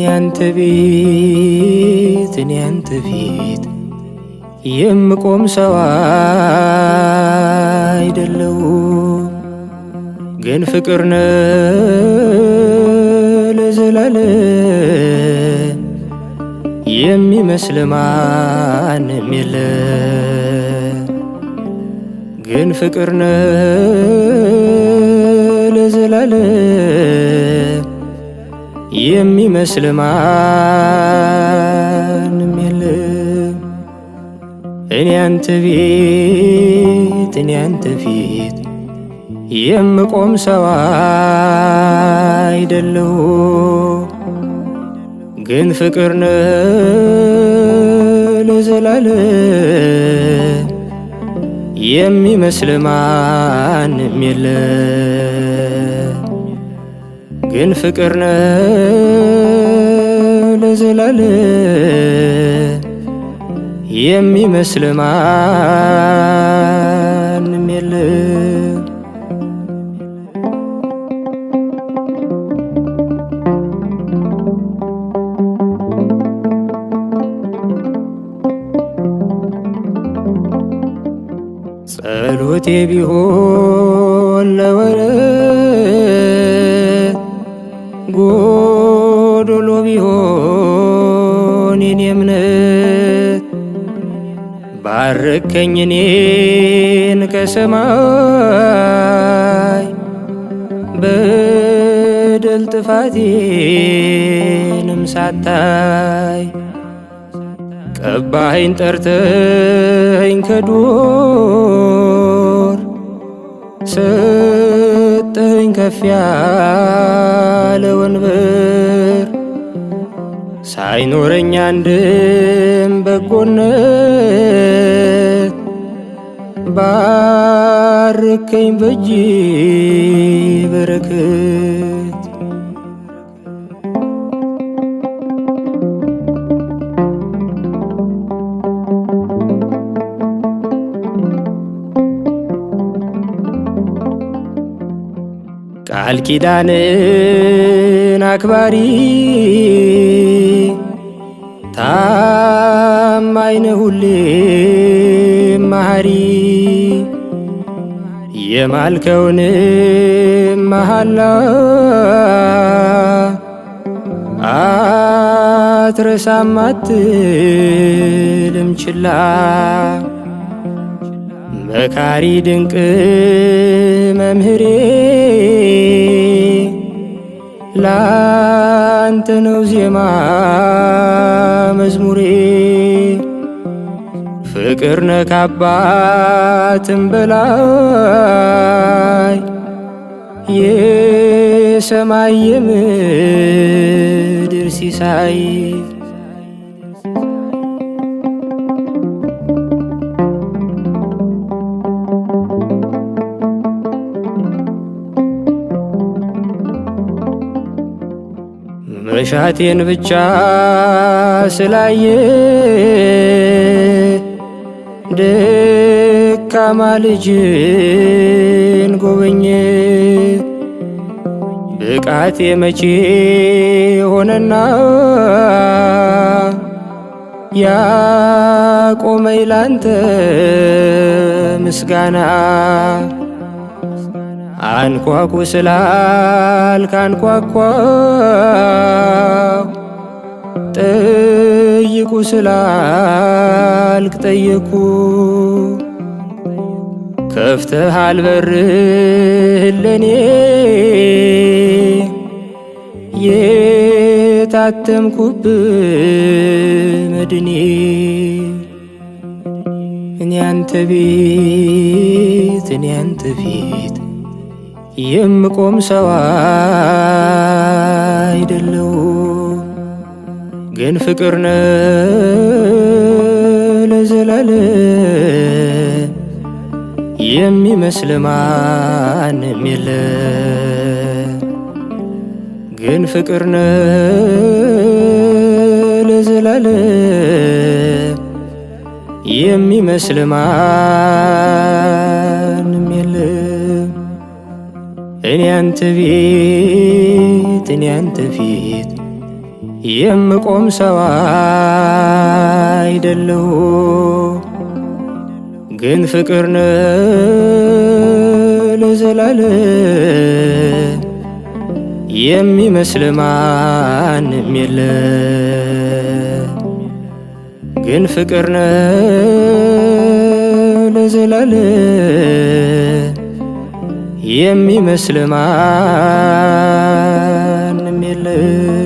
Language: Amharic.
ያንተ ቤት እኔ ያንተ ፊት የምቆም ሰው አይደለው፣ ግን ፍቅር ነ ለዘላለ የሚመስል ማንም የለ፣ ግን ፍቅር ነ ለዘላለ የሚመስል ማንም የለም። እኔ አንተ ቤት እኔ አንተ ፊት የምቆም ሰው አይደለሁ፣ ግን ፍቅር ነ ለዘላለም የሚመስል ማንም የለም። ግን ፍቅር ነ ለዘላለም የሚመስል ማንም የለ ጸሎቴ ቢሆን ለወረ ጎዶሎ ቢሆን የኔ እምነት ባርከኝ እኔን ከሰማይ በደል ጥፋቴንም ሳታይ ቀባይን ጠርተኝ ከዱር ሰጠኝ ከፍ ያለ ወንበር ሳይኖረኝ አንድም በጎነት ባርከኝ በእጅ በረከት ቃል ኪዳንን አክባሪ ታማኝ ሁሌም ማሪ የማልከውን መሃላ አትረሳም ችላ መካሪ ድንቅ መምህሬ ላንተ ነው ዜማ መዝሙሬ ፍቅር ነካባትን በላይ የሰማይ የምድር ሲሳይ መሻቴን ብቻ ስላየ ደካማ ልጅን ጎበኘ። ብቃቴ መቼ ሆነና ያቆመኝ ላንተ ምስጋና አንኳኩ ስላልክ አንኳኳ አልኩ ስላልክ ጠየቅኩ ከፍተሃል በርህን ለኔ የታተምኩብ መድኔ እኔ አንተ ቤት እኔ አንተ ፊት የምቆም ሰዋ ግን ፍቅር ነው ለዘላለም የሚመስል ማንም የለ። ግን ፍቅር ነው የሚመስል ማንም የለ። እኔ አንተ ቤት እኔ አንተ ፊት የምቆም ሰው አይደለሁ፣ ግን ፍቅር ለዘላለ የሚመስል ማንም የለ ግን ፍቅር ለዘላለ የሚመስል ማንም የለም።